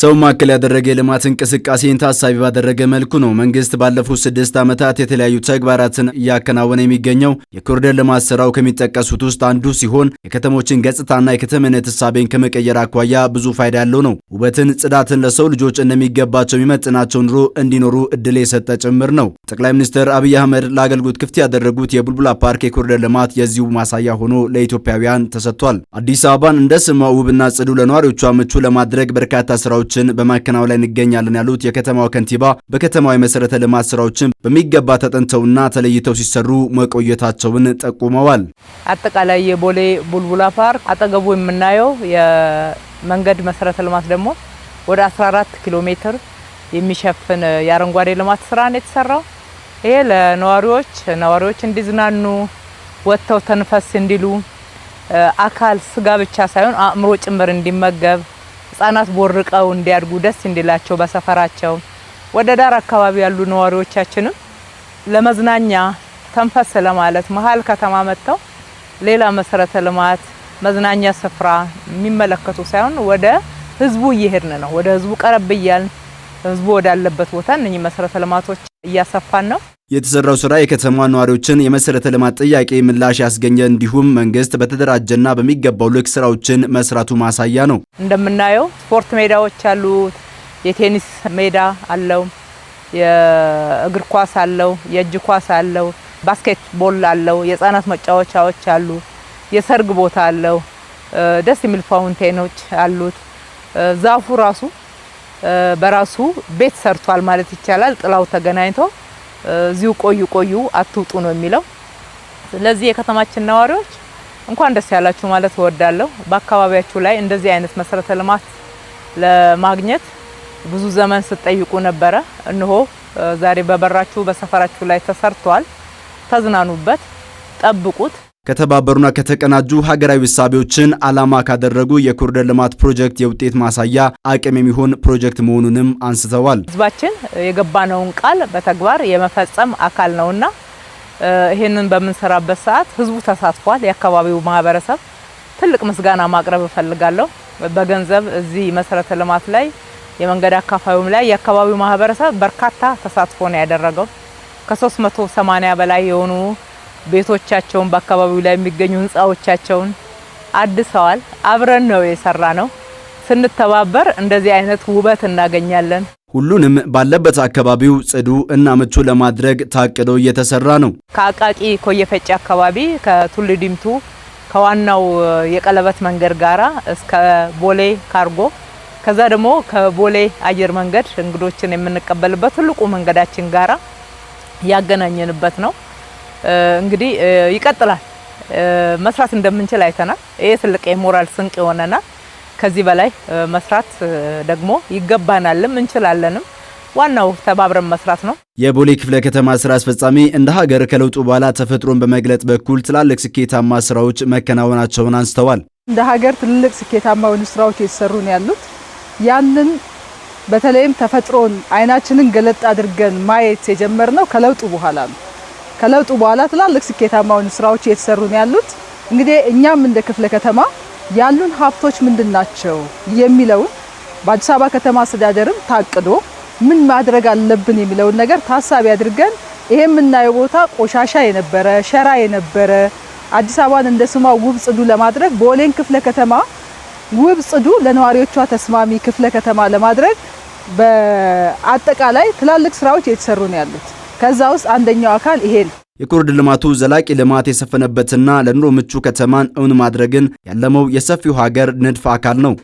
ሰው ማዕከል ያደረገ የልማት እንቅስቃሴን ታሳቢ ባደረገ መልኩ ነው መንግስት ባለፉት ስድስት ዓመታት የተለያዩ ተግባራትን እያከናወነ የሚገኘው። የኮሪደር ልማት ስራው ከሚጠቀሱት ውስጥ አንዱ ሲሆን የከተሞችን ገጽታና የከተሜነት እሳቤን ከመቀየር አኳያ ብዙ ፋይዳ ያለው ነው። ውበትን፣ ጽዳትን ለሰው ልጆች እንደሚገባቸው የሚመጥናቸው ኑሮ እንዲኖሩ እድል የሰጠ ጭምር ነው። ጠቅላይ ሚኒስትር አብይ አህመድ ለአገልግሎት ክፍት ያደረጉት የቡልቡላ ፓርክ የኮሪደር ልማት የዚሁ ማሳያ ሆኖ ለኢትዮጵያውያን ተሰጥቷል። አዲስ አበባን እንደ ስሟ ውብና ጽዱ ለነዋሪዎቿ ምቹ ለማድረግ በርካታ ስራዎች ስራዎችን በማከናወን ላይ እንገኛለን ያሉት የከተማዋ ከንቲባ በከተማዋ የመሰረተ ልማት ስራዎችን በሚገባ ተጠንተውና ተለይተው ሲሰሩ መቆየታቸውን ጠቁመዋል። አጠቃላይ የቦሌ ቡልቡላ ፓርክ አጠገቡ የምናየው የመንገድ መሰረተ ልማት ደግሞ ወደ 14 ኪሎ ሜትር የሚሸፍን የአረንጓዴ ልማት ስራ ነው የተሰራው። ይሄ ለነዋሪዎች ነዋሪዎች እንዲዝናኑ ወጥተው ተንፈስ እንዲሉ አካል ስጋ ብቻ ሳይሆን አእምሮ ጭምር እንዲመገብ ህጻናት ቦርቀው እንዲያድጉ ደስ እንዲላቸው በሰፈራቸው ወደ ዳር አካባቢ ያሉ ነዋሪዎቻችንም ለመዝናኛ ተንፈስ ለማለት መሀል ከተማ መጥተው ሌላ መሰረተ ልማት መዝናኛ ስፍራ የሚመለከቱ ሳይሆን ወደ ህዝቡ እየሄድን ነው። ወደ ህዝቡ ቀረብ እያልን ህዝቡ ወዳለበት ቦታ እነኚህ መሰረተ ልማቶች እያሰፋን ነው። የተሰራው ስራ የከተማ ነዋሪዎችን የመሰረተ ልማት ጥያቄ ምላሽ ያስገኘ እንዲሁም መንግስት በተደራጀና በሚገባው ልክ ስራዎችን መስራቱ ማሳያ ነው። እንደምናየው ስፖርት ሜዳዎች አሉት፣ የቴኒስ ሜዳ አለው፣ የእግር ኳስ አለው፣ የእጅ ኳስ አለው፣ ባስኬት ቦል አለው፣ የህፃናት መጫወቻዎች አሉ፣ የሰርግ ቦታ አለው፣ ደስ የሚል ፋውንቴኖች አሉት። ዛፉ ራሱ በራሱ ቤት ሰርቷል ማለት ይቻላል። ጥላው ተገናኝተው እዚሁ ቆዩ ቆዩ አትውጡ ነው የሚለው። ስለዚህ የከተማችን ነዋሪዎች እንኳን ደስ ያላችሁ ማለት እወዳለሁ። በአካባቢያችሁ ላይ እንደዚህ አይነት መሰረተ ልማት ለማግኘት ብዙ ዘመን ስትጠይቁ ነበረ። እንሆ ዛሬ በበራችሁ በሰፈራችሁ ላይ ተሰርቷል። ተዝናኑበት፣ ጠብቁት። ከተባበሩና ከተቀናጁ ሀገራዊ እሳቤዎችን ዓላማ ካደረጉ የኮሪደር ልማት ፕሮጀክት የውጤት ማሳያ አቅም የሚሆን ፕሮጀክት መሆኑንም አንስተዋል። ህዝባችን የገባነውን ቃል በተግባር የመፈጸም አካል ነውና ይህንን በምንሰራበት ሰዓት ህዝቡ ተሳትፏል። የአካባቢው ማህበረሰብ ትልቅ ምስጋና ማቅረብ እፈልጋለሁ። በገንዘብ እዚህ መሰረተ ልማት ላይ የመንገድ አካፋዩም ላይ የአካባቢው ማህበረሰብ በርካታ ተሳትፎ ነው ያደረገው ከ380 በላይ የሆኑ ቤቶቻቸውን በአካባቢው ላይ የሚገኙ ህንፃዎቻቸውን አድሰዋል። አብረን ነው የሰራ ነው። ስንተባበር እንደዚህ አይነት ውበት እናገኛለን። ሁሉንም ባለበት አካባቢው ጽዱ እና ምቹ ለማድረግ ታቅዶ እየተሰራ ነው። ከአቃቂ ኮየፈጭ አካባቢ ከቱል ዲምቱ ከዋናው የቀለበት መንገድ ጋራ እስከ ቦሌ ካርጎ ከዛ ደግሞ ከቦሌ አየር መንገድ እንግዶችን የምንቀበልበት ትልቁ መንገዳችን ጋራ ያገናኘንበት ነው። እንግዲህ ይቀጥላል መስራት እንደምንችል አይተናል። ይሄ ትልቅ የሞራል ስንቅ የሆነና ከዚህ በላይ መስራት ደግሞ ይገባናልም እንችላለንም። ዋናው ተባብረን መስራት ነው። የቦሌ ክፍለ ከተማ ስራ አስፈጻሚ እንደ ሀገር ከለውጡ በኋላ ተፈጥሮን በመግለጥ በኩል ትላልቅ ስኬታማ ስራዎች መከናወናቸውን አንስተዋል። እንደ ሀገር ትልልቅ ስኬታማ የሆኑ ስራዎች የተሰሩ ነው ያሉት። ያንን በተለይም ተፈጥሮን አይናችንን ገለጥ አድርገን ማየት የጀመርነው ከለውጡ በኋላ ነው። ከለውጡ በኋላ ትላልቅ ስኬታማውን ስራዎች እየተሰሩ ነው ያሉት። እንግዲህ እኛም እንደ ክፍለ ከተማ ያሉን ሀብቶች ምንድን ናቸው የሚለውን በአዲስ አበባ ከተማ አስተዳደርም ታቅዶ ምን ማድረግ አለብን የሚለውን ነገር ታሳቢ አድርገን ይሄ የምናየው ቦታ ቆሻሻ የነበረ ሸራ የነበረ አዲስ አበባን እንደ ስሟ ውብ ጽዱ ለማድረግ ቦሌን ክፍለ ከተማ ውብ ጽዱ ለነዋሪዎቿ ተስማሚ ክፍለ ከተማ ለማድረግ በአጠቃላይ ትላልቅ ስራዎች እየተሰሩ ነው ያሉት። ከዛ ውስጥ አንደኛው አካል ይሄ ነው። የኮሪደር ልማቱ ዘላቂ ልማት የሰፈነበትና ለኑሮ ምቹ ከተማን እውን ማድረግን ያለመው የሰፊው ሀገር ንድፍ አካል ነው።